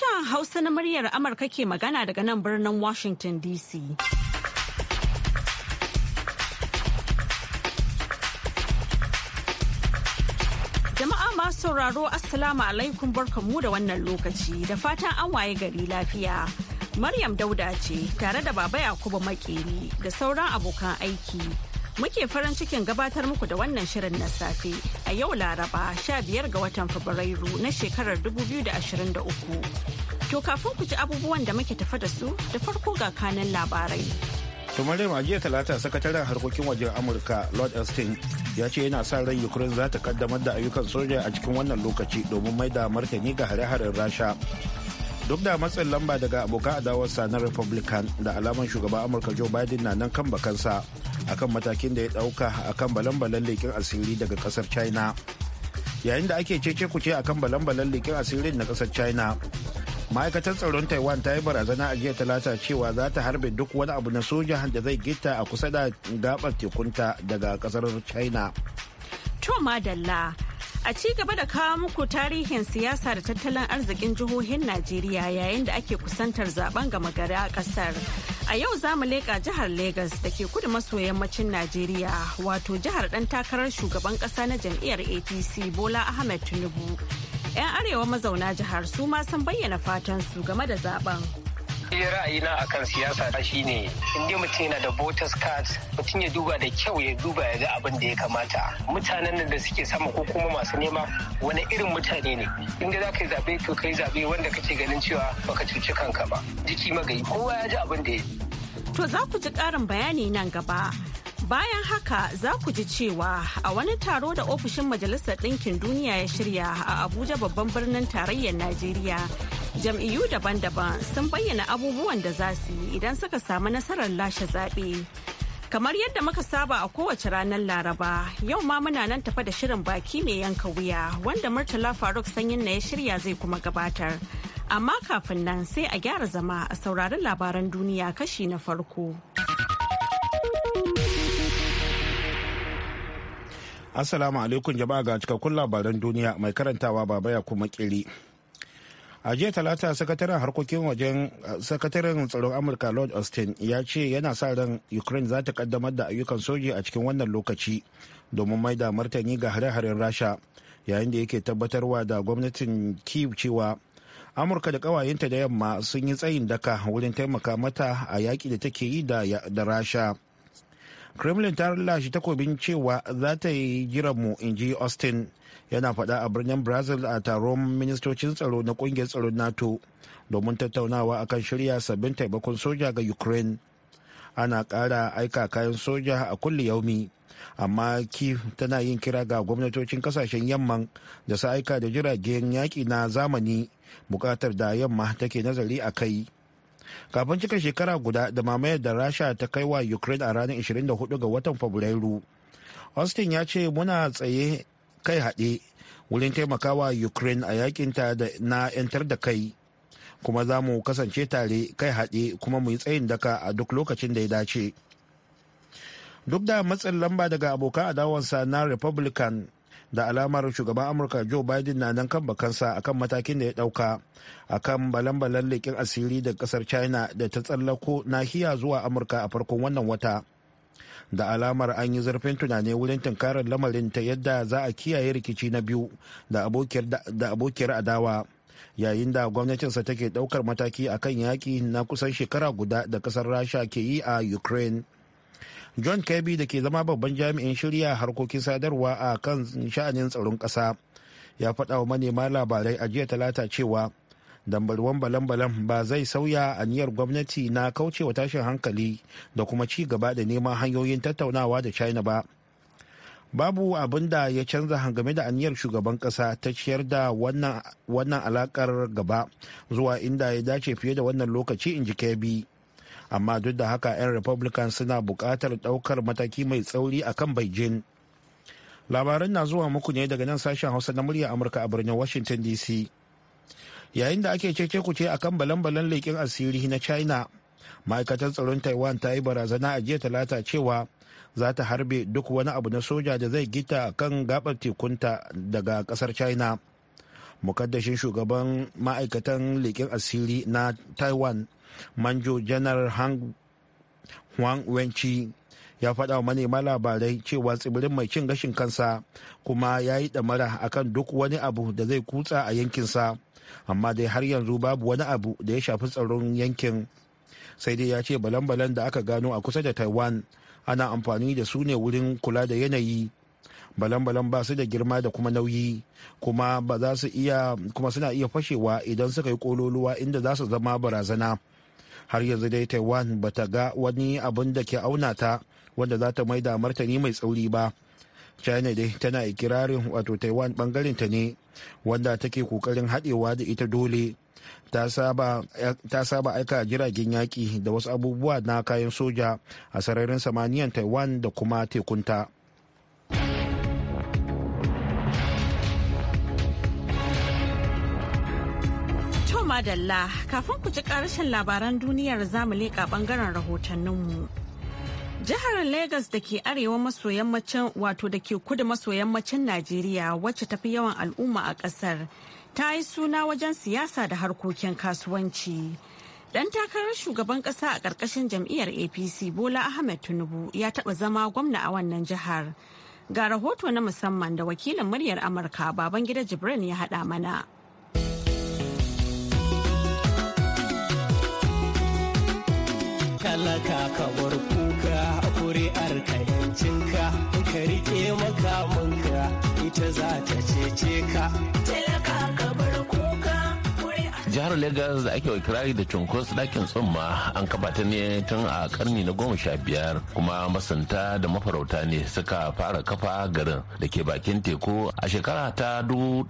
Sashen Hausa na muryar Amurka ke magana daga nan birnin Washington DC. Jama'a masu sauraro Assalamu alaikum barkanmu da wannan lokaci da fatan an waye gari lafiya. Maryam Dauda ce tare da Baba Yakubu Makeri da sauran abokan aiki. Muke farin cikin gabatar muku da wannan shirin na safe a yau Laraba 15 ga watan Fabrairu na shekarar 2023. To kafin ku ji abubuwan da muke tafa da su da farko ga kanan labarai. To Maryam a jiya talata sakataren harkokin wajen Amurka Lord Austin ya ce yana sa ran Ukraine za ta kaddamar da ayyukan soja a cikin wannan lokaci domin mai da martani ga hare-haren Rasha. duk da matsin lamba daga abokan adawarsa na republican da alaman shugaban amurka joe biden na nan kan bakansa akan matakin da ya dauka akan balan-balan leƙin asiri daga kasar china yayin da ake cece kuce akan balan-balan leƙin asirin na kasar china ma'aikatar tsaron taiwan ta yi barazana a jiya talata cewa za ta harbe duk wani abu na soja da zai gita a kusa da gabar tekunta daga kasar china to madalla a ci gaba da kawo muku tarihin siyasa da tattalin arzikin jihohin najeriya yayin da ake kusantar zaben gama gari a kasar A yau za mu leƙa jihar Legas da ke kudu maso yammacin Najeriya wato jihar ɗan takarar shugaban ƙasa na jam'iyyar APC Bola Ahmed Tinubu. 'Yan arewa mazauna jihar su ma sun bayyana fatan su game da zaben. ra'ayina a kan siyasa ne. inda mutum yana da voters card mutum ya duba da kyau ya duba ya ga abin da ya kamata mutanen da suke sama ko kuma masu nema wani irin mutane ne inda za ka yi zaɓe to ka yi zaɓe wanda kake ganin cewa baka cuci kanka ba jiki magayi kowa ya ji abin da ya To za ku ji ƙarin bayani nan gaba. Bayan haka za ku ji cewa a wani taro da ofishin Majalisar Ɗinkin Duniya ya shirya a Abuja babban birnin tarayyar Najeriya. Jam'iyyu daban-daban sun bayyana abubuwan da za su yi idan suka samu nasarar lashe zaɓe. Kamar yadda muka saba a kowace ranar Laraba, yau ma muna nan tafa da shirin baki mai yanka wuya wanda Murtala Faruk Sanyin na ya shirya zai kuma gabatar. Amma kafin nan sai a gyara zama a sauraron labaran duniya kashi na farko. Assalamu alaikum jama'a ga cikakkun labaran duniya mai karantawa baba ya kuma kiri. a jiya talata sakataren harkokin wajen sakataren tsaron amurka lord austin ya ce yana sa ran ukraine za ta kaddamar da ayyukan soji a cikin wannan lokaci domin mai da martani ga hare-haren rasha yayin da yake tabbatarwa da gwamnatin kiev cewa amurka da kawayenta da yamma sun yi tsayin daka wurin taimaka mata a yaƙi da take yi da rasha kremlin ta lashe takobin cewa za ta yi jiranmu in ji austin yana faɗa a birnin brazil a taron ministocin tsaro na ƙungiyar tsaron nato domin tattaunawa akan shirya sabbin taimakon soja ga ukraine ana ƙara aika kayan soja a kulle yaumi amma kif tana yin kira ga gwamnatocin kasashen yamman da su aika da jiragen yaƙi na zamani bukatar da yamma take nazari a kai kafin cika shekara guda da mamayar da rasha ta kai wa ukraine a ranar 24 ga watan fabrairu austin ya ce muna tsaye kai haɗe wurin taimakawa ukraine a yakinta da na 'yantar da kai kuma za mu kasance tare kai haɗe kuma mu yi tsayin daka a duk lokacin da ya dace duk da matsin lamba daga abokan adawarsa na republican da alamar shugaban amurka joe biden na nan kan bakansa akan matakin da ya dauka akan balan-balan leƙin asiri da kasar china da ta tsallako nahiya zuwa amurka a farkon wannan wata da alamar an yi zurfin tunani wurin tunkarar lamarin ta yadda za a kiyaye rikici na biyu da abokiyar adawa yayin da gwamnatinsa take daukar mataki akan yaƙi na kusan shekara guda da kasar rasha ke yi a ukraine john kirby da ke zama babban jami'in shirya harkokin sadarwa a kan sha'anin tsaron ƙasa ya faɗa wa manema labarai a jiya talata cewa dambarwan balan-balan ba zai sauya aniyar gwamnati na kaucewa tashin hankali da kuma ci gaba da neman hanyoyin tattaunawa da china ba babu abin da ya canza game da aniyar shugaban kasa ta ciyar da wannan alakar gaba zuwa inda ya dace fiye da wannan lokaci in ji kebi amma duk da haka 'yan republican suna buƙatar ɗaukar mataki mai tsauri a kan beijing labaran na zuwa muku ne daga nan sashen hausa na murya amurka a birnin washington dc yayin da ake cece kuce a kan balan-balan leƙin asiri na china ma'aikatar tsaron taiwan ta yi barazana a jiya talata cewa za ta harbe duk wani abu na soja da zai gita kan gabar tekunta daga kasar china mukaddashin shugaban ma'aikatan leƙin asiri na taiwan manjo janar hang huang wenchi ya faɗa wa manema labarai cewa tsibirin mai cin gashin kansa kuma ya yi ɗamara akan duk wani abu da zai kutsa a yankinsa amma dai har yanzu babu wani abu da ya shafi tsaron yankin sai dai ya ce balan-balan da aka gano a kusa da taiwan ana amfani da su ne wurin kula da yanayi balan-balan ba su da girma da kuma nauyi kuma ba za su iya kuma suna iya fashewa idan suka yi kololuwa inda za su zama barazana har yanzu dai taiwan ba ta ga wani abin da ke auna ta wanda za ta maida martani mai tsauri ba china dai tana ikirarin wato taiwan bangaren ta ne wanda take kokarin haɗewa da ita dole ta saba aika jiragen yaƙi da wasu abubuwa na kayan soja a sararin samaniyan taiwan da kuma tekunta. madalla kafin ku ji karshen labaran duniyar zamu leƙa bangaren rahotanninmu. Jihar Legas da ke arewa maso yammacin wato da ke kudu maso yammacin Najeriya wacce tafi yawan al'umma a ƙasar ta yi suna wajen siyasa da harkokin kasuwanci. Dan takarar shugaban ƙasa a ƙarƙashin jam'iyyar APC Bola Ahmed Tinubu ya taɓa zama gwamna a wannan jihar. Ga rahoto na musamman da wakilin muryar Amurka Babangida Jibrin ya haɗa mana. talaka ka bar kuka kuri'ar ka yancinka ka rike makamanka ita za ta cece ka. jihar lagos da ake kirari da cunkos dakin tsumma an kabata ta ne tun a karni na goma sha biyar kuma masanta da mafarauta ne suka fara kafa garin da ke bakin teku a shekara ta dubu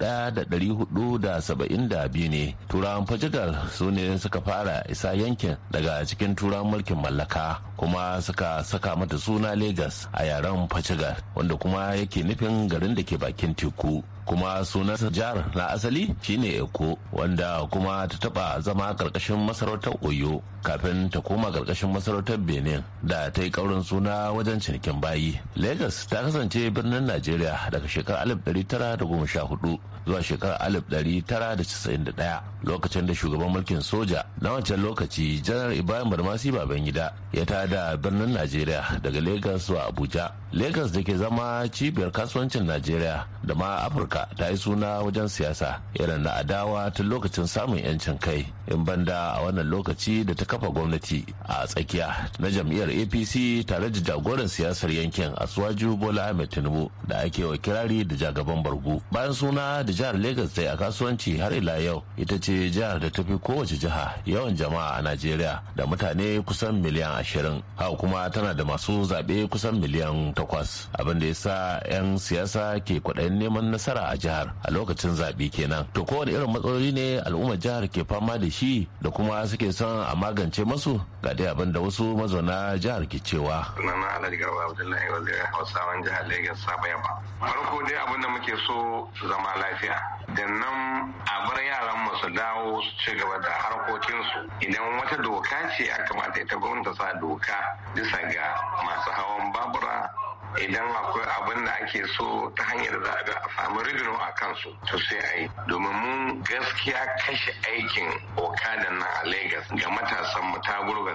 biyu ne turawan fajigar su ne suka fara isa yankin daga cikin turawan mulkin mallaka kuma suka saka mata suna lagos a yaren fajigar wanda kuma yake nufin garin da ke bakin teku kuma sunansa jihar na asali shine eko wanda kuma ta taba zama karkashin masarautar oyo kafin ta koma karkashin masarautar benin da ta yi kaurin suna wajen cinikin bayi lagos ta kasance birnin najeriya daga shekarar 1914 zuwa shekarar 1991 lokacin da shugaban mulkin soja na wancan lokaci janar ibrahim barmasi babangida ya tada birnin najeriya daga lagos zuwa abuja lagos da ke zama cibiyar kasuwancin najeriya da ma afirka ta yi suna wajen siyasa irin na adawa tun lokacin samun yancin kai in banda a wannan lokaci da ta kafa gwamnati a tsakiya na jam'iyyar apc tare da jagoran siyasar yankin asuwaju bola ahmed tinubu da ake wa kirari da jagaban bargu bayan suna da jihar lagos ta a kasuwanci har ila yau ita ce jihar da ta fi kowace jiha yawan jama'a a najeriya da mutane kusan miliyan ashirin haka kuma tana da masu zaɓe kusan miliyan takwas abin da ya sa 'yan siyasa ke kwaɗayin neman nasara shekara a jihar a lokacin zaɓe kenan to kowane irin matsaloli ne al'ummar jihar ke fama da shi da kuma suke son a magance masu ga dai abin da wasu mazauna jihar ke cewa sunana alhaji garba abdullahi wanda hausawan jihar lagos saba yaba farko dai abin da muke so zama lafiya da nan a bar yaran mu su dawo su ci gaba da harkokinsu idan wata doka ce a kamata ita gwamnati ta sa doka bisa ga masu hawan babura idan akwai abin da ake so ta hanyar za a samu rigino a kansu to sai a yi domin mun gaskiya kashe aikin okadan na a lagos ga matasan mu ta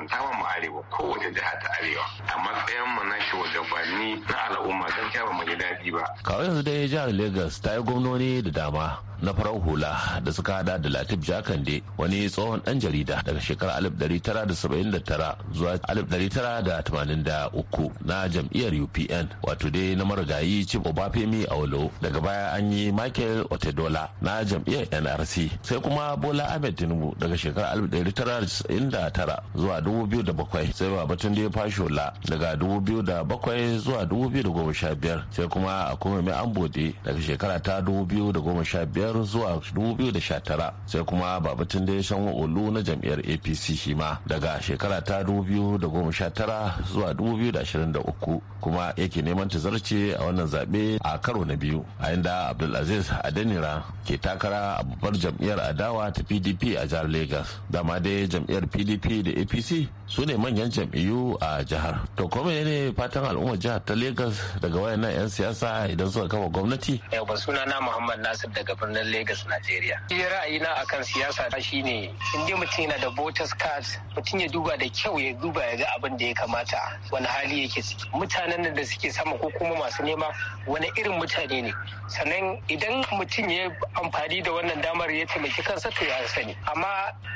ta mu arewa kowace jiha ta arewa a matsayin mu na shugabanni na al'umma gaskiya ba mu ji daɗi ba kawai yanzu dai jihar lagos ta yi gwamnoni da dama na farar hula da suka hada da latif jakande wani tsohon dan jarida daga shekarar 1979 zuwa 1983 na jam'iyyar upn Ireland wato dai na marigayi Chief Obafemi Awolo daga baya an yi Michael Otedola na jam'iyyar NRC sai kuma Bola Ahmed Tinubu daga shekarar 1999 zuwa 2007 sai Babatunde Fashola daga 2007 zuwa 2015 sai kuma Akumemi Ambode daga shekara ta 2015 zuwa 2019 sai kuma Babatunde Sanwo Olu na jam'iyyar APC shi ma daga shekara ta 2019 zuwa 2023 kuma AK ke neman ta zarce a wannan zaɓe a karo na biyu a inda abdulaziz adenira ke takara a babbar jam'iyyar adawa ta pdp a jihar lagos dama dai jam'iyyar pdp da apc su ne manyan jam'iyyu a jihar to kuma ne fatan al'ummar jihar ta lagos daga wayannan 'yan siyasa idan suka kafa gwamnati yau eh, suna na muhammad nasir daga birnin lagos nigeria shi ra'ayina akan siyasa shi ne dai mutum yana da voters card mutum ya duba da kyau ya duba ya ga abin da ya kamata wani hali yake ciki mutanen da suke ke sama ko kuma masu nema wani irin mutane ne sannan idan mutum ya amfani da wannan damar ya taimaki kansa to ya sani amma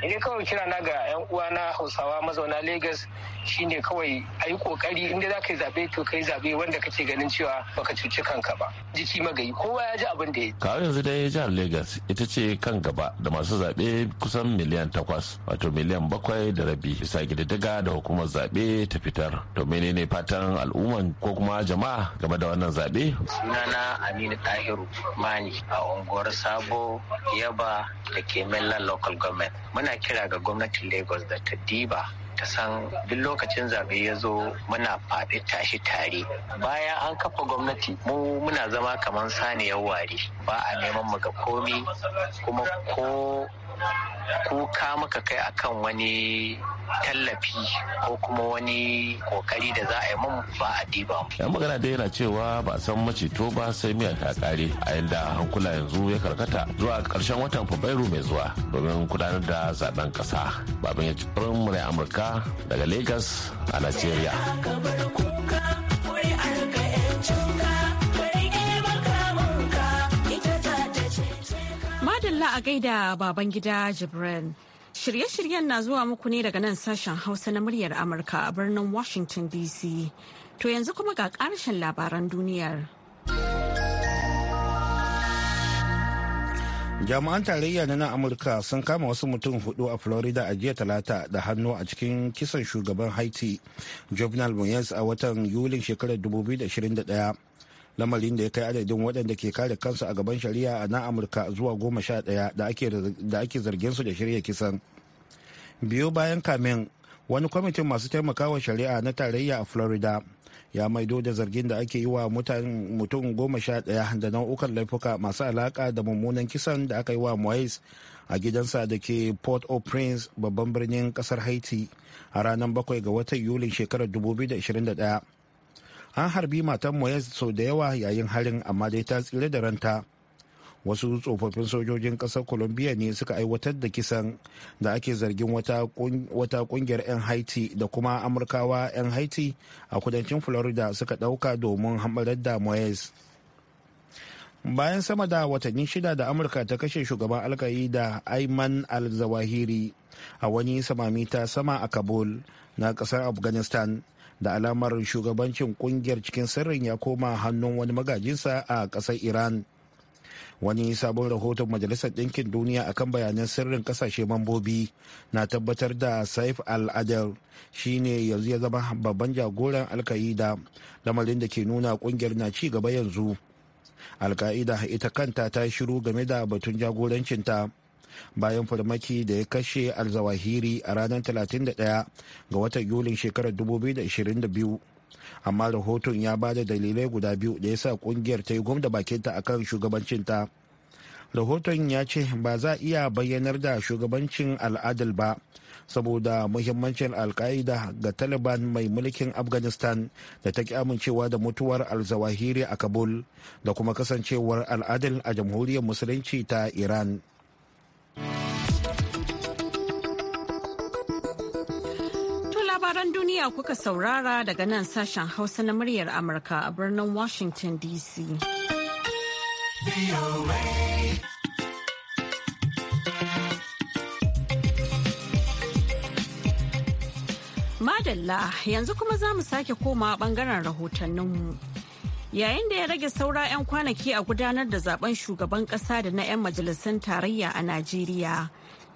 ne kawai kira na ga yan uwa na hausawa mazauna lagos shine kawai a yi kokari inda za ka yi zaɓe to ka yi zaɓe wanda kake ganin cewa baka cuci kanka ba jiki magayi kowa ya ji abin da ya kawai yanzu dai jihar lagos ita ce kan gaba da masu zaɓe kusan miliyan takwas wato miliyan bakwai da rabi bisa gidaddaga da hukumar zaɓe ta fitar to menene fatan al'umman ko kuma ma jama'a game da wannan zaɓe? Sunana Aminu Tahiru Mani a unguwar Sabo Yaba da ke Mainland Local Government. Muna kira ga gwamnatin Lagos da ta diba ta san duk lokacin zaɓe ya zo muna faɗi tashi tare bayan an kafa gwamnati mu muna zama kamar saniyar wari, ba a neman mu ga komi kuma ko kuka maka kai akan wani tallafi ko kuma wani kokari da za a yi mun ba a diba. mu. Yan magana dai yana cewa ba a san maceto ba sai miya ta kare a yadda hankula yanzu ya karkata zuwa karshen watan Fabrairu mai zuwa domin gudanar da zaben kasa. Baban ya ci murai Amurka daga Lagos a nigeria. Allah a gaida baban gida Jibrin. Shirye-shiryen na zuwa muku ne daga nan sashen Hausa na muryar Amurka a birnin Washington DC. To yanzu kuma ga ƙarshen labaran duniyar. jami'an tarayya na amurka sun kama wasu mutum hudu a florida a jiya talata da hannu a cikin kisan shugaban haiti jovenel moyes a watan yulin shekarar 2021 lamarin da ya kai adadin waɗanda ke kare kansu a gaban shari'a a na amurka zuwa goma sha ɗaya da ake zargin su da shirya kisan biyu bayan kamin wani kwamitin masu taimakawa shari'a na tarayya a florida ya maido da zargin da ake yi wa mutum goma sha ɗaya da nau'ukan laifuka masu alaƙa da mummunan kisan da aka yi wa moise a gidansa da ke port au prince babban birnin kasar haiti a ranar bakwai ga watan yulin shekarar 2021 an harbi matan moyes sau da yawa yayin harin amma dai ta tsire da ranta wasu tsofaffin sojojin kasar colombia ne suka aiwatar da kisan da ake zargin wata kungiyar 'yan haiti da kuma amurkawa 'yan haiti a kudancin florida suka dauka domin hamarar da moyes bayan sama da watanni shida da amurka ta kashe shugaban da ayman al-zawahiri a wani samami ta sama a kabul na kasar afghanistan da alamar shugabancin kungiyar cikin sirrin ya koma hannun wani magajinsa a ƙasar iran wani sabon rahoton majalisar ɗinkin duniya akan bayanan sirrin ƙasashe mambobi na tabbatar da saif al-adar shine yanzu ya zama babban jagoran alka'ida lamarin da ke nuna kungiyar na ci gaba yanzu alka'ida ita kanta ta shiru game da batun jagorancinta bayan farmaki da ya kashe alzawahiri a ranar 31 ga watan yulin shekarar 2022 amma rahoton ya ba da dalilai guda biyu da ya sa kungiyar ta yi gwamda bakinta akan shugabancinta rahoton ya ce ba za a iya bayyanar da shugabancin al'adal ba saboda muhimmancin alka'ida ga taliban mai mulkin afghanistan da ta ki amincewa da mutuwar alzawahiri a kabul da kuma kasancewar al'adal a jamhuriyar musulunci ta iran To labaran duniya kuka saurara daga nan sashen hausa na muryar amurka a birnin washington dc madalla yanzu kuma za mu sake koma bangaren rahotanninmu Yayin da ya rage saura 'yan kwanaki a gudanar da zaben shugaban kasa da na 'yan majalisun tarayya a Najeriya.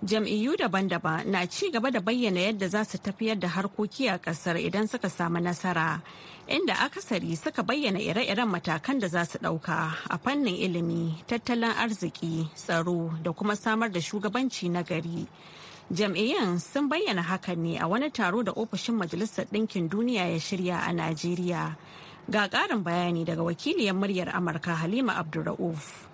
Jam'iyyu daban-daban na ci gaba da bayyana yadda za su tafiyar da harkoki a kasar idan suka samu nasara, inda akasari suka bayyana ire-iren matakan da za su ɗauka a fannin ilimi, tattalin arziki, tsaro da kuma samar da shugabanci na gari. jam'iyyun sun bayyana hakan ne a wani taro da ofishin majalisar ɗinkin duniya ya shirya a najeriya Ga ƙarin bayani daga wakiliyar muryar Amurka Halima Abdulra'uf.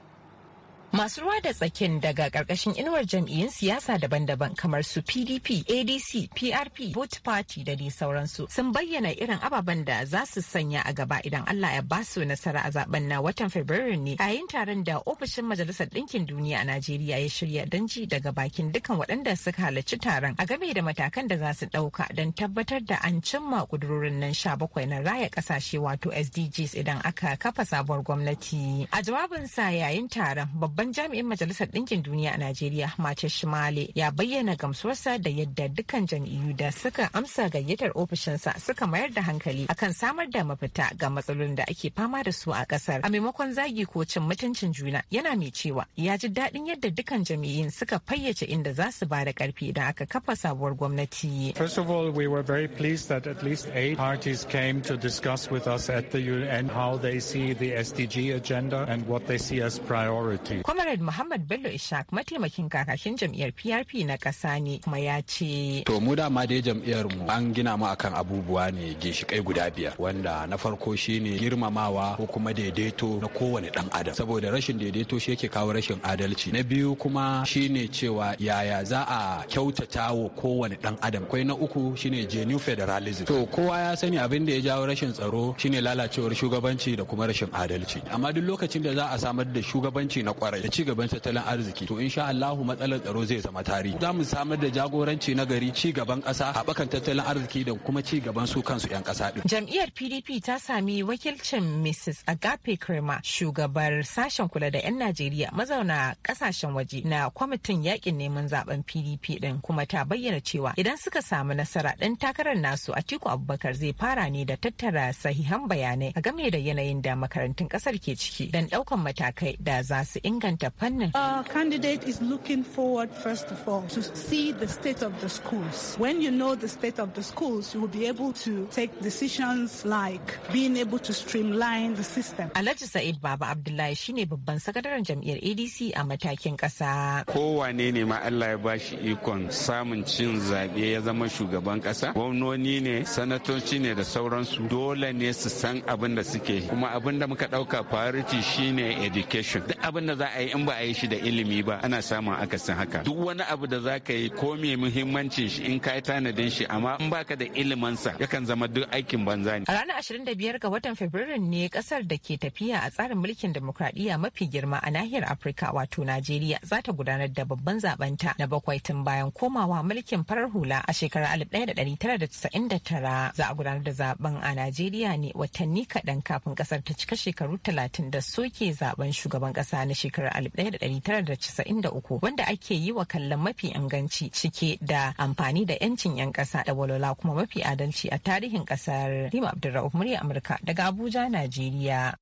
Masu ruwa da tsakin daga ƙarƙashin inuwar jam'iyyun siyasa daban-daban kamar su PDP, ADC, PRP, Vote Party da dai sauransu sun bayyana irin ababen da za su sanya a gaba idan Allah ya basu nasara a zaben na watan Fabrairu ne yayin taron da ofishin Majalisar Ɗinkin Duniya a Najeriya ya shirya don ji daga bakin dukkan waɗanda suka halarci taron a game da matakan da za su ɗauka don tabbatar da an cimma ƙudurorin nan sha bakwai na raya ƙasashe wato SDGs idan aka kafa sabuwar gwamnati. A jawabinsa yayin taron babban babban jami'in majalisar ɗinkin duniya a najeriya mace shimale ya bayyana gamsuwarsa da yadda dukkan jam'iyyu da suka amsa gayyatar ofishinsa suka mayar da hankali akan samar da mafita ga matsalolin da ake fama da su a ƙasar a maimakon zagi ko cin mutuncin juna yana mai cewa ya ji daɗin yadda dukkan jami'in suka fayyace inda za su ba da ƙarfi idan aka kafa sabuwar gwamnati. First of all, we were very pleased that at least eight parties came to discuss with us at the UN how they see the SDG agenda and what they see as priority. Comrade Muhammad Bello Ishaq mataimakin kakakin jam'iyyar PRP na ƙasa ne kuma ya ce. To mu dama dai jam'iyyar mu an gina mu akan abubuwa ne ginshiƙai guda biyar wanda na farko shine girmamawa ko kuma daidaito na kowane ɗan adam saboda rashin daidaito shi yake kawo rashin adalci. Na biyu kuma shine cewa yaya za a kyautata wa kowane ɗan adam. Kwai na uku shine genuine federalism. To kowa ya sani abin da ya jawo rashin tsaro shine lalacewar shugabanci da kuma rashin adalci. Amma duk lokacin da za a samar da shugabanci na kwarai da ci gaban tattalin arziki to insha Allahu matsalar tsaro zai zama tari za mu samar da jagoranci na gari ci gaban ƙasa haɓakan tattalin arziki da kuma ci gaban su kansu 'yan kasa din jam'iyyar PDP ta sami wakilcin Mrs Agape Krema shugabar sashen kula da 'yan Najeriya mazauna kasashen waje na kwamitin yakin neman zaben PDP din kuma ta bayyana cewa idan suka samu nasara ɗan takarar nasu Atiku Abubakar zai fara ne da tattara sahihan bayanai a game da yanayin da makarantun kasar ke ciki don ɗaukan matakai da za su inganta inganta fannin. Our candidate is looking forward first of all to see the state of the schools. When you know the state of the schools, you will be able to take decisions like being able to streamline the system. Alhaji Sa'id Baba Abdullahi shine babban sakataren jam'iyyar ADC a matakin ƙasa. Kowane ne ma Allah ya bashi ikon samun cin zaɓe ya zama shugaban ƙasa. Gwamnoni ne, sanatoci ne da sauransu dole ne su san abin da suke kuma abin da muka ɗauka priority shine education. Duk abin da za a a in ba a yi shi da ilimi ba ana samun akasin haka duk wani abu da za ka yi ko me muhimmancin shi in ka yi tanadin shi amma in baka da ilimansa yakan zama duk aikin banza ne a ranar ashirin da biyar ga watan fabrairu ne kasar da ke tafiya a tsarin mulkin demokradiyya mafi girma a nahiyar afirka wato najeriya za ta gudanar da babban zaben ta na bakwai tun bayan komawa mulkin farar hula a shekara shekarar tara za a gudanar da zaben a najeriya ne watanni kaɗan kafin kasar ta cika shekaru talatin da soke zaben shugaban ƙasa na shekarar shekarar 1993 wanda ake yi wa kallon mafi inganci cike da amfani da 'yancin 'yan ƙasa da walwala kuma mafi adalci a tarihin ƙasar. Rima Abdulrahman murya Amurka daga Abuja, Najeriya.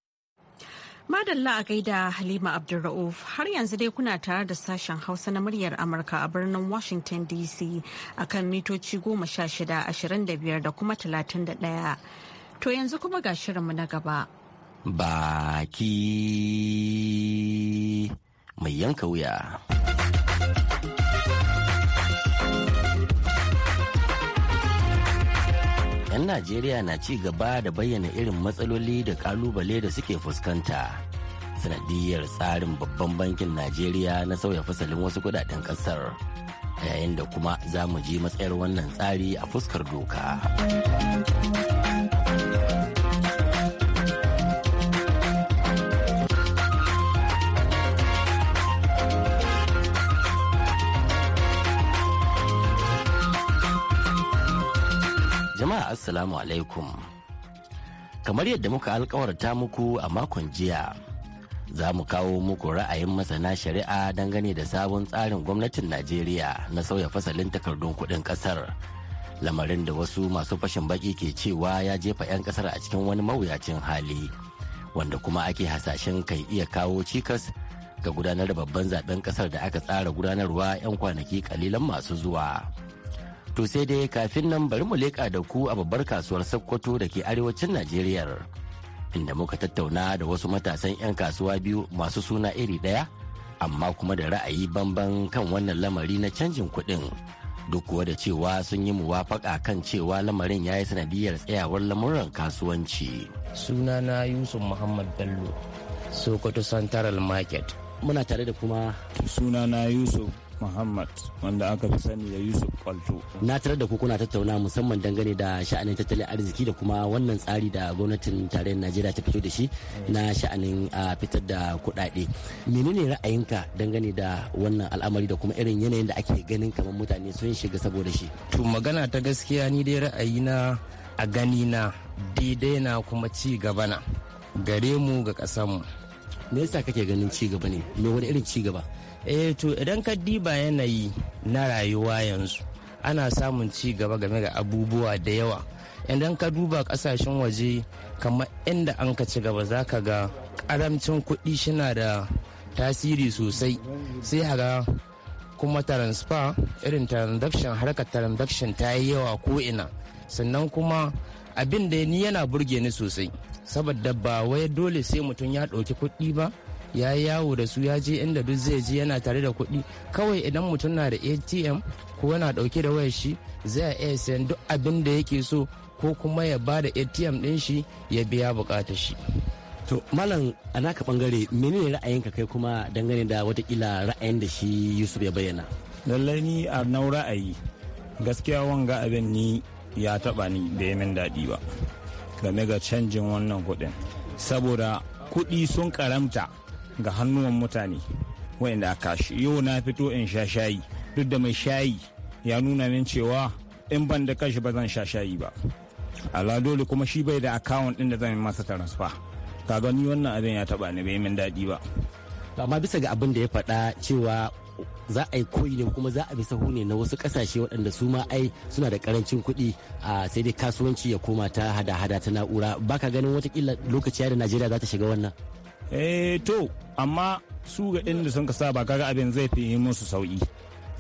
Madalla a gaida Halima Abdulra'uf har yanzu dai kuna tare da sashen Hausa na muryar Amurka a birnin Washington DC a kan mitoci goma sha shida ashirin da biyar da kuma talatin da ɗaya. To yanzu kuma ga shirinmu na gaba. baki mai yanka wuya. ‘Yan Najeriya na ci gaba da bayyana irin matsaloli da kalubale da suke fuskanta. sanadiyar tsarin babban bankin Najeriya na sauya fasalin wasu kudaden kasar. yayin da kuma za mu ji matsayar wannan tsari a fuskar doka. assalamu alaikum kamar yadda muka alkawarta muku a makon jiya za mu kawo muku ra'ayin masana shari'a dangane da sabon tsarin gwamnatin najeriya na sauya fasalin takardun kudin kasar lamarin da wasu masu fashin baki ke cewa ya jefa 'yan kasar a cikin wani mawuyacin hali wanda kuma ake hasashen kan iya kawo cikas ga gudanar da babban zaben kasar da aka tsara gudanarwa 'yan kwanaki kalilan masu zuwa. To sai dai kafin nan bari mu leƙa da ku a babbar kasuwar Sokoto da ke arewacin Najeriya. Inda muka tattauna da wasu matasan 'yan kasuwa biyu masu suna iri ɗaya, amma kuma da ra'ayi bamban kan wannan lamari na canjin kuɗin. Duk kuwa da cewa sun yi muwafaƙa kan cewa lamarin ya yi sanadiyar tsayawar lamuran kasuwanci. Sunana Yusuf Muhammad Bello, Sokoto Central Market. Muna tare da kuma. Sunana Yusuf Muhammad wanda aka fi sani da Yusuf Kwalto. Na tarar da ku kuna tattauna musamman dangane da sha'anin tattalin arziki da kuma wannan tsari da gwamnatin tarayyar Najeriya ta fito da shi na sha'anin fitar da kuɗaɗe. Menene ra'ayinka dangane da wannan al'amari da kuma irin yanayin da ake ganin kamar mutane sun shiga saboda shi? To magana ta gaskiya ni dai ra'ayina a gani na daidai na kuma ci gaba na gare mu ga ƙasarmu. Me yasa kake ganin ci gaba ne? Me wani irin ci gaba? eh to idan ka diba yanayi na rayuwa yanzu ana samun ci gaba game da abubuwa da yawa idan ka duba kasashen waje kamar inda an ka ci gaba za ka ga karamcin kuɗi shina da tasiri sosai sai haga kuma transfer irin transaction harkar transaction ta yi yawa ko ina sannan kuma abin da ni yana burge ni sosai saboda ba wai dole sai mutum ya ɗauki kuɗi ba ya yi yawo da su ya je inda duk zai je yana tare da kuɗi kawai idan mutum na da atm ko yana ɗauke da wayar shi zai iya sayan duk abin da yake so ko kuma ya ba da atm ɗin shi ya biya buƙata shi to malam a naka bangare menene ra'ayinka kai kuma dangane da watakila ra'ayin da shi yusuf ya bayyana lallai ni a nau ra'ayi gaskiya wanga abin ni ya taba ni da ya min daɗi ba game ga canjin wannan kuɗin saboda kuɗi sun karamta ga hannuwan mutane waɗanda aka shi yau na fito in sha shayi duk da mai shayi ya nuna min cewa in ban da kashi ba zan sha shayi ba ala dole kuma shi bai da akawun din da zan yi masa transfer kaga ni wannan abin ya taba ni bai min dadi ba amma bisa ga abin da ya faɗa cewa za a yi koyi ne kuma za a bi sahu ne na wasu kasashe waɗanda su ma ai suna da karancin kuɗi a sai dai kasuwanci ya koma ta hada-hada ta na'ura baka ganin watakila lokaci da najeriya za ta shiga wannan eh to amma su ga ɗin da sun ka saba kaga abin zai fi musu sauki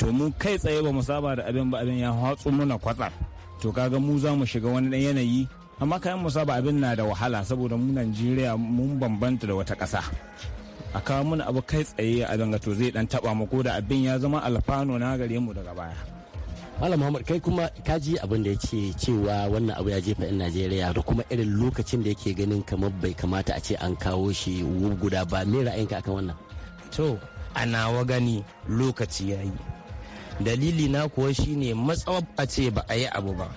to mu kai tsaye ba mu saba da abin ba abin ya hatsu muna kwatsar to kaga mu za mu shiga wani ɗan yanayi amma kayan mu saba abin na da wahala saboda mu Najeriya mun bambanta da wata ƙasa a kawo mana abu kai tsaye a ga to zai dan taba mu ko da abin ya zama alfano na gare mu daga baya Malam Muhammad kai kuma ka ji abin da ya ce cewa wannan abu ya jefa 'yan Najeriya da kuma irin lokacin da yake ganin kamar bai kamata a ce an kawo shi guda ba me ra'ayinka akan wannan? To, a nawa gani lokaci ya yi. Dalili na kuwa shine matsawa a ce ba a yi abu ba,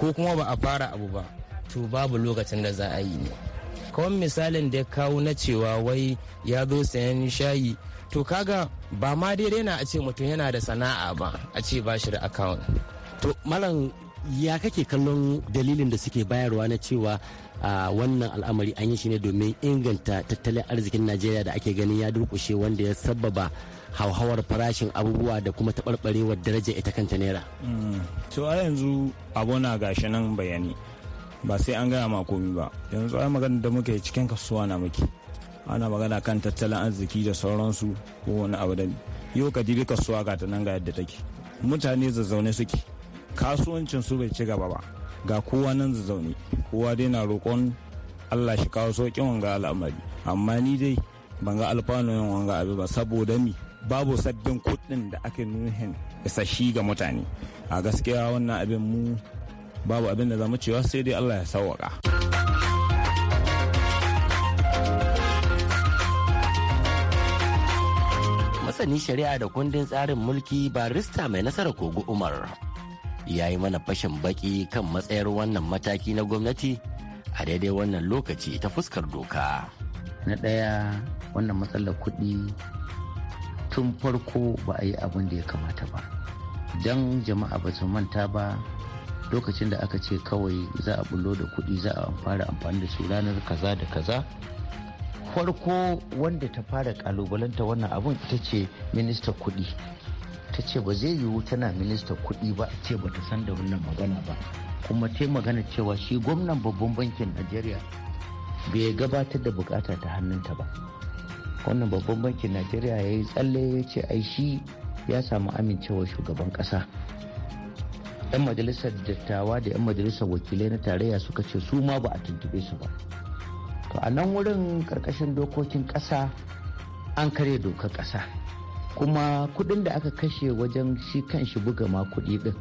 ko kuma ba a fara abu ba, to babu lokacin da za a yi ne. kawan misalin da ya kawo na cewa wai ya zo sayan shayi to kaga ba ma daidai na a ce mutum yana da sana'a ba a ce ba shi da akawun to malam ya kake kallon dalilin da suke bayarwa na cewa a wannan al'amari an yi shi ne domin inganta tattalin arzikin najeriya da ake ganin ya durkushe wanda ya sababa hauhawar farashin abubuwa da kuma taɓarɓarewar daraja ita kanta naira. Hmm. to a yanzu abu na gashi nan bayani ba sai an gaya ma komi ba yanzu ai magana da muke cikin kasuwa na muke ana magana kan tattalin arziki da sauransu ko wani abu da yau ka dibi kasuwa ga ta nan ga yadda take mutane zazzaune suke kasuwancin su bai ci gaba ba ga kowa nan zazzaune kowa dai na roƙon Allah shi kawo sauƙin wanga al'amari amma ni dai ban ga yin wanga abu ba saboda mi babu sabbin kuɗin da aka nuhin isashi ga mutane a gaskiya wannan abin mu babu abin da zamu cewa sai dai Allah ya sauwaka. Masani shari'a da kundin tsarin mulki barista mai nasara kogo Umar ya yi mana fashin baki kan matsayar wannan mataki na gwamnati a daidai wannan lokaci ta fuskar doka. Na ɗaya wannan matsalar kuɗi tun farko ba a yi abin da ya kamata ba. Don jama'a ba su manta ba lokacin da aka ce kawai za a bullo da kuɗi za a fara amfani da su ranar kaza da kaza farko wanda ta fara kalubalanta wannan abun ita ce minista kuɗi ta ce ba zai yiwu tana minista kuɗi ba ce ba ta san da wannan magana ba kuma ta magana cewa shi gwamnan babban bankin najeriya bai gabatar da bukata ta hannunta ba wannan babban bankin najeriya ya yi tsalle ya ce ai shi ya samu amincewar shugaban kasa 'yan majalisar dattawa da 'yan majalisar wakilai na tarayya suka ce su ma ba a tuntube su ba to a nan wurin karkashin dokokin kasa an karya dokar kasa kuma kuɗin da aka kashe wajen shi kan shi buga ma kudi din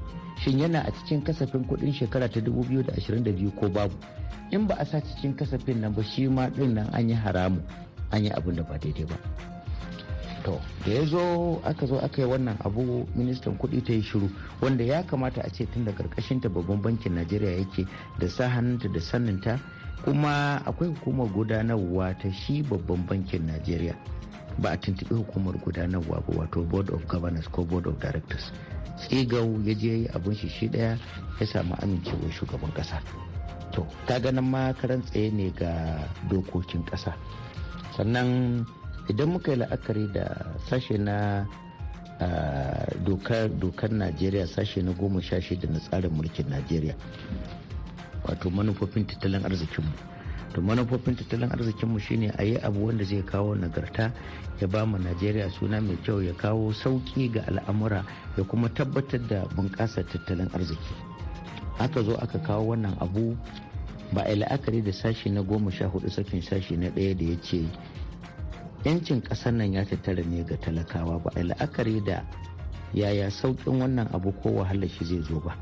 shin yana a cikin kasafin kuɗin shekara ta 2022 ko babu in ba a sa cikin kasafin nan ba shi ma din nan an yi haramu an yi abin da ba daidai ba to da ya zo aka zo aka yi wannan abu ministan kudi ta yi shiru wanda ya kamata a ce tun da ta babban bankin najeriya yake da sa hannunta da saninta kuma akwai hukumar gudanarwa ta shi babban bankin najeriya ba a tuntuɓi hukumar gudanarwa ba wato board of governors ko board of directors tsigau ya je yi abin shi shi daya ya samu amincewar shugaban kasa to ta ganin ma karan tsaye ne ga dokokin kasa sannan idan muka yi la'akari da sashe na dokar najeriya sashe na goma sha shida na tsarin mulkin najeriya wato manufofin tattalin arzikinmu to manufofin tattalin arzikinmu shine a yi abu wanda zai kawo nagarta ya ba mu najeriya suna mai kyau ya kawo sauki ga al'amura ya kuma tabbatar da bunƙasar tattalin arziki aka zo aka kawo wannan abu ba a la'akari da sashi na goma sha hudu sakin sashi na ɗaya da ya ce yancin ƙasar nan ya tattara ne ga talakawa ba a la'akari da yaya sauƙin wannan abu ko wahalar shi zai zo ba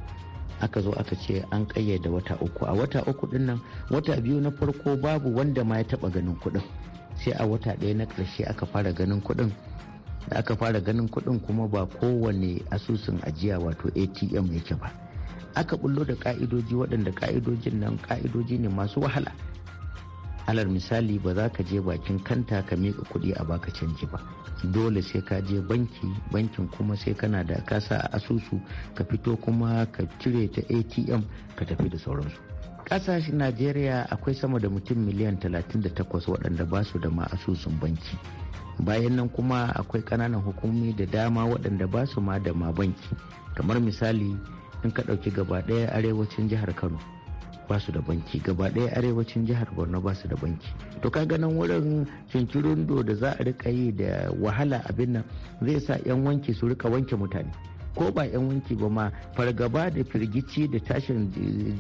aka zo aka ce an ƙayyade wata uku a wata uku din nan wata biyu na farko babu wanda ma ya taɓa ganin kuɗin sai a wata ɗaya na ƙarshe aka fara ganin kuɗin da aka fara ganin kuɗin kuma ba kowane asusun ajiya wato atm yake ba aka bullo da ka'idoji waɗanda ka'idojin nan ka'idoji ne masu wahala alal misali ba za ka je bakin kanta ka mika kuɗi a baka canji ba dole sai ka je banki bankin kuma sai kana da kasa a asusu ka fito kuma ka cire ta atm ka tafi da sauransu kasashen najeriya akwai sama da mutum miliyan 38 waɗanda ba su da ma asusun banki bayan nan kuma akwai ƙananan hukumomi da dama waɗanda ba su ma da ma banki kamar misali in ka ɗauki gaba ɗaya arewacin jihar kano ba su da banki gaba ɗaya arewacin jihar borno ba su da banki to ka ganin wurin cincirindo da za a rika yi da wahala abin nan zai sa 'yan wanki su rika wanke mutane ko ba 'yan wanki ba ma fargaba da firgici da tashin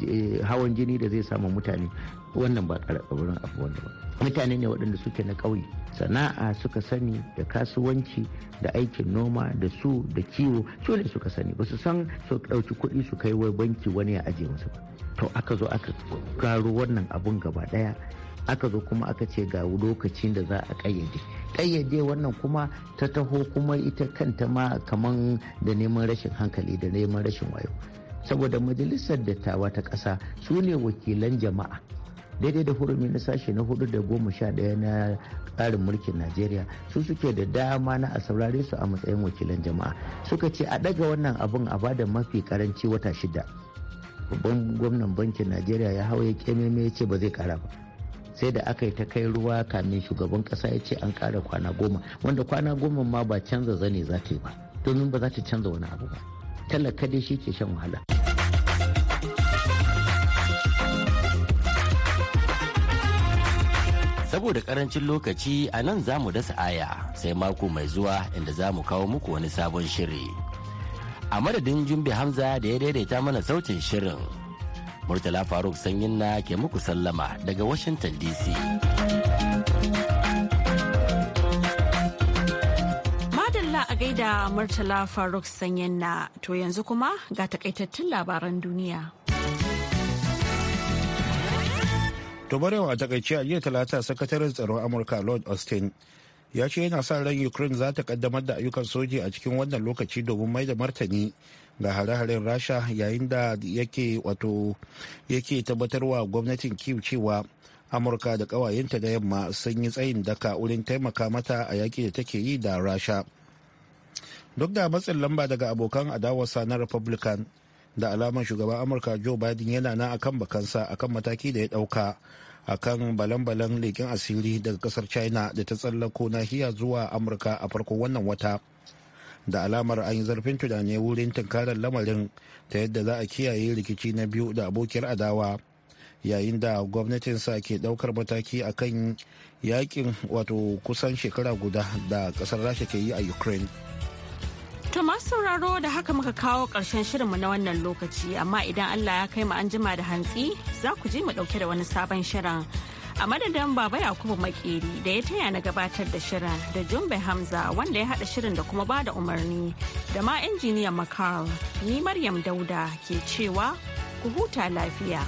eh, hawan jini da zai samu mutane wannan ba ƙarƙarin abu wanda ba mutane ne waɗanda suke na ƙauye sana'a suka sani da kasuwanci da aikin noma da su da kiwo su ne suka sani ba su san su ɗauki kuɗi su kai wai banki wani ya ajiye masu ba to aka zo aka karo wannan abun gaba ɗaya aka zo kuma aka ce ga lokacin da za a kayyade ƙayyade wannan kuma ta taho kuma ita kanta ma kamar da neman rashin hankali da neman rashin wayo saboda majalisar dattawa ta kasa su ne wakilan jama'a daidai da hurumi na sashe na hudu da goma sha daya na tsarin mulkin najeriya su suke da dama na a saurare su a matsayin wakilan jama'a suka ce a daga wannan abin a bada mafi karanci wata shida babban gwamnan bankin najeriya ya hau ya kememe ya ce ba zai kara ba sai da aka yi ta kai ruwa kamin shugaban kasa ya ce an kara kwana goma wanda kwana goma ma ba canza zane za ta yi ba domin ba za ta canza wani abu ba talaka dai shi ke shan wahala. saboda karancin lokaci a nan za mu dasa aya sai mako mai zuwa inda za mu kawo muku wani sabon shiri a madadin jumbe hamza da ya daidaita mana sautin shirin Murtala Faruk Sanyin na ke muku sallama daga Washington DC. Madalla a gaida Murtala Faruk Sanyin na to yanzu kuma ga takaitattun labaran duniya. To a takaice a jiya talata sakataren tsaron Amurka Lord Austin ya ce yana sa ran Ukraine za ta kaddamar da ayyukan soji a cikin wannan lokaci domin mai da martani da hare-haren rasha yayin da yake wato yake tabbatarwa gwamnatin kiw cewa amurka da ƙawayenta da yamma sun yi tsayin daka wurin taimaka mata a yaƙi da take yi da rasha duk da matsin lamba daga abokan adawarsa na republican da alamar shugaban amurka joe biden yana na akan bakansa akan mataki da ya dauka akan balan-balan leƙen asiri daga kasar china da ta tsallako nahiya zuwa amurka a farko wannan wata da alamar an yi zarfin tunani wurin tunkarar lamarin ta yadda za a kiyaye rikici na biyu da abokiyar adawa yayin da gwamnatinsa ke daukar mataki a kan yakin wato kusan shekara guda da kasar rasha ke yi a ukraine to masu sauraro da haka muka kawo karshen shirinmu na wannan lokaci amma idan allah ya kai mu an jima da hantsi za ku je mu dauke da wani sabon shirin a madadin baba yakubu makeri da ya taya na gabatar da shirin da jumbe hamza wanda ya haɗa shirin da kuma ba da umarni da ma injiniyan makar ni maryam dauda ke cewa ku huta lafiya.